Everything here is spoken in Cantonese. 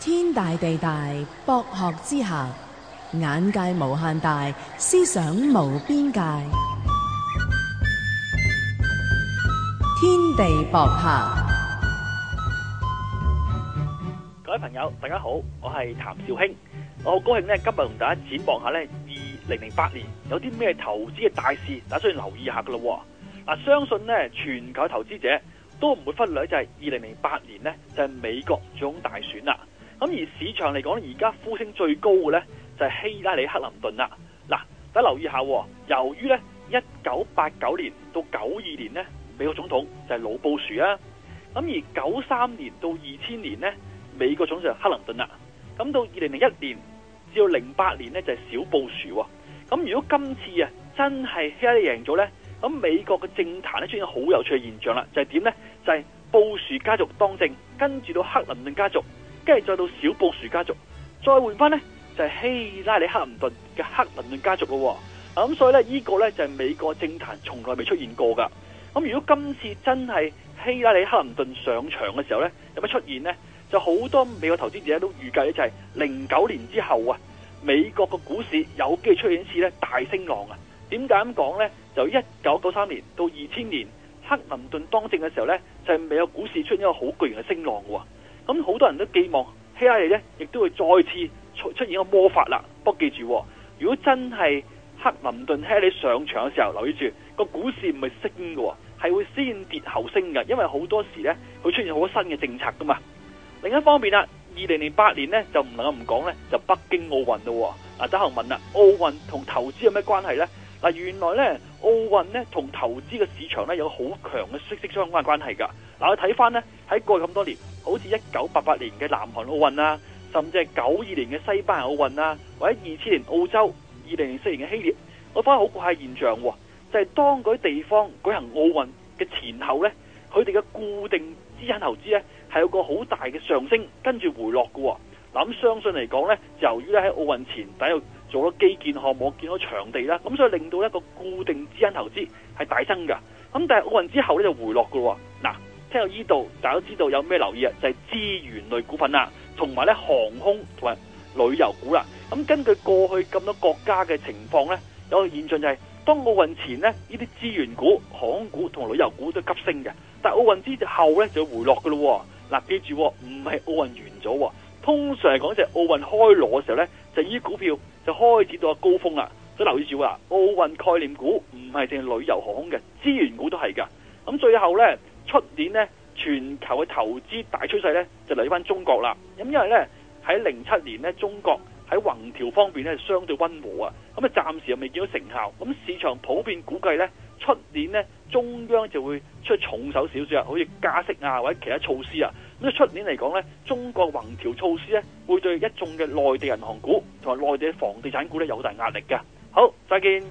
天大地大，博學之下，眼界無限大，思想無邊界。天地博客，各位朋友，大家好，我係譚紹興，我好高興呢，今日同大家展望下呢，二零零八年有啲咩投資嘅大事，打算留意一下噶咯。嗱，相信呢，全球投資者都唔會忽略就係二零零八年呢，就係美國總統大選啦。咁而市場嚟講，而家呼聲最高嘅呢就係希拉里·克林頓啦。嗱，大家留意下，由於呢一九八九年到九二年呢，美國總統就係老布殊啊。咁而九三年到二千年呢，美國總統就係克林頓啦。咁到二零零一年至到零八年呢，就係小布殊。咁如果今次啊真係希拉里贏咗呢，咁美國嘅政壇呢，出現好有趣嘅現象啦，就係點呢？就係布殊家族當政，跟住到克林頓家族。跟住再到小布殊家族，再換翻呢就係、是、希拉里克林頓嘅克林頓家族咯、哦。咁、嗯、所以呢，呢、這個呢就係、是、美國政壇從來未出現過噶。咁、嗯、如果今次真係希拉里克林頓上場嘅時候呢，有乜出現呢？就好多美國投資者都預計呢，就係零九年之後啊，美國個股市有機會出現一次呢大升浪啊！點解咁講呢？就一九九三年到二千年克林頓當政嘅時候呢，就是、美國股市出現一個好巨型嘅升浪噶、啊。咁好多人都寄望希拉里呢，亦都會再次出現個魔法啦。不過記住，如果真係克林頓希拉里上場嘅時候，留意住個股市唔係升喎，係會先跌後升㗎，因為好多時呢，會出現好多新嘅政策噶嘛。另一方面啦，二零零八年呢，就唔能夠唔講呢，就北京奧運咯。嗱，得閒問啦，奧運同投資有咩關係呢？嗱，原來呢奧運呢，同投資嘅市場呢，有好強嘅息息相關關係噶。嗱，我睇翻呢，喺過去咁多年，好似一九八八年嘅南韓奧運啊，甚至係九二年嘅西班牙奧運啊，或者二千年澳洲、二零零四年嘅希臘，我返好怪現象，就係、是、當嗰啲地方舉行奧運嘅前後呢，佢哋嘅固定資產投資呢係有個好大嘅上升，跟住回落嘅。嗱咁相信嚟講呢，由於咧喺奧運前，但係做咗基建項目，建咗場地啦，咁所以令到一個固定資產投資係大增㗎。咁但係奧運之後呢，就回落嘅。嗱。聽到呢度，大家都知道有咩留意啊？就係、是、資源類股份啦，同埋咧航空同埋旅遊股啦。咁根據過去咁多國家嘅情況咧，有個現象就係、是，當奧運前咧，呢啲資源股、航空股同旅遊股都急升嘅。但係奧運之後咧，就會回落噶咯。嗱，記住唔係奧運完咗，通常嚟講就係奧運開鑼嘅時候咧，就呢啲股票就開始到高峰啦。所以留意住啊，奧運概念股唔係淨係旅遊、航空嘅，資源股都係噶。咁最後咧。出年呢，全球嘅投資大趨勢呢，就嚟翻中國啦。咁因為呢，喺零七年呢，中國喺宏調方面呢，相對溫和啊。咁啊，暫時又未見到成效。咁市場普遍估計呢，出年呢，中央就會出重手少少啊，好似加息啊或者其他措施啊。咁喺出年嚟講呢，中國宏調措施呢，會對一眾嘅內地銀行股同埋內地房地產股呢，有大壓力嘅。好，再見。